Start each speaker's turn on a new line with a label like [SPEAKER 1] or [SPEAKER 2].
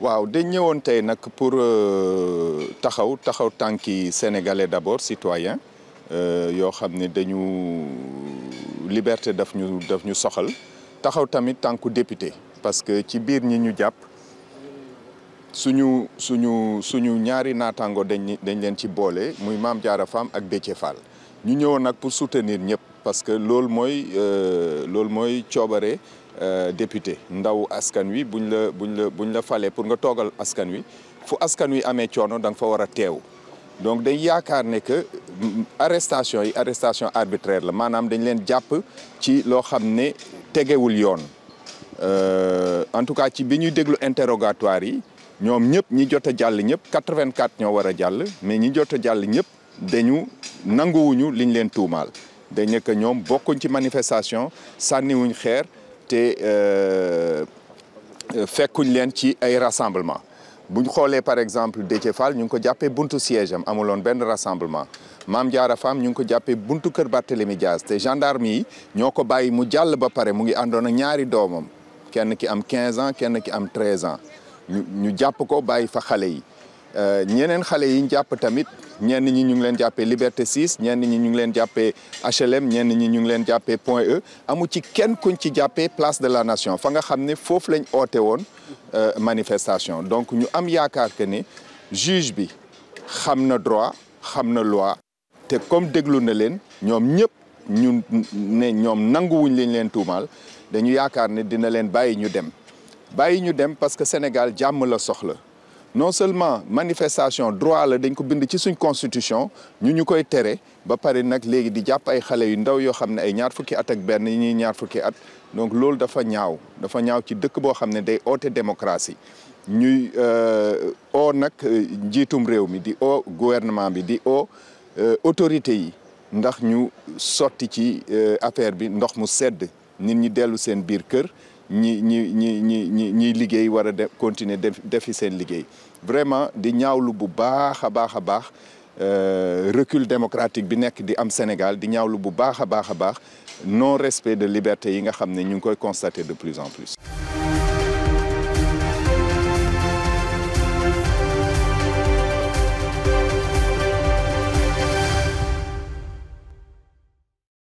[SPEAKER 1] waaw dañ ñëwoon tey nag pour euh, taxaw taxaw tànki sénégalais d'abord citoyen euh, yoo xam ne dañu liberté daf ñu daf ñu soxal taxaw tamit tànku député parce que ci biir ñi ñu jàpp suñu suñu suñu ñaari naataango dañ dañ leen ci boole muy maam jaara Fam ak Déthié Fall ñu ñëwoon nag pour soutenir ñëpp parce que loolu mooy euh, loolu mooy coobare Euh, député ndaw askan wi buñ la buñ la buñ la falé pour nga togal askan wi fu askan wi amee coono da fa wara a donc dañ yakar ne que mm, arrestation yi arrestation arbitraire la manam dañ leen japp ci loo xam ne tegewul euh en tout cas ci biñu déglu interrogatoire yi ñom ñëpp ñi jotta jall jàll ñëpp 84 ño wara jall mais ñi jotta jall jàll ñëpp dañu nanguwuñu liñ leen tuumaal dañ nek ñom bokkuñ ci manifestation wuñ xeer te euh, euh, fekkuñ leen ci ay rassemblement bu ñu xoolee par exemple Déthié Fall ñu ngi ko jàppee buntu siège am amuloon benn rassemblement maam Diarra Fam ñu ngi ko jàppee buntu kër Barthélémy Dias te gendarme yi ñoo ko bàyyi mu jàll ba pare mu ngi àndoon ak ñaari doomam kenn ki am 15 ans kenn ki am 13 ans ñu ñu jàpp ko bàyyi fa xale yi. Euh, ñeneen xalé yi ñu tamit ñenn ñi ñu ngi leen jappé Liberté 6 ñenn ñi ñu ngi leen HLM ñenn ñi ñu ngi leen jappé Point E amu ci kenn kuñ ci Place de la Nation fa nga xamné lañ nous avons euh, manifestation donc ñu am yaakaar que ni juge bi xamna droit xamna loi té comme déglu na leen ñom ñëpp ñu ne ñoom que nous leen tuumaal dañu nous ne dina leen bayyi ñu dem bayyi ñu dem parce que Sénégal jamm la soxla non seulement manifestation droit la dañ ko bind ci suñ constitution ñu ñukoy téré ba paré nak légui di japp ay xalé yu ndaw yo xamné ay ñaar fukki at ak ben yi ñuy ñaar fukki at donc lool dafa ñaaw dafa ñaaw ci dëkk bo xamné day oote démocratie ñuy euh, oo nag euh, njiitum réew mi di o gouvernement bi di o euh, autorité yi ndax ñu sorti ci affaire bi ndox mu sedd nit ñi dellu seen biir kër ni ni ni ni ni ñiy liggéey war a de continuer defi seen vraiment di ñaawlu bu baax a baax euh, recul démocratique bi nekk di am Sénégal di ñaawlu bu baax a baax non respect de liberté yi nga xam ne ñu koy constater de plus en plus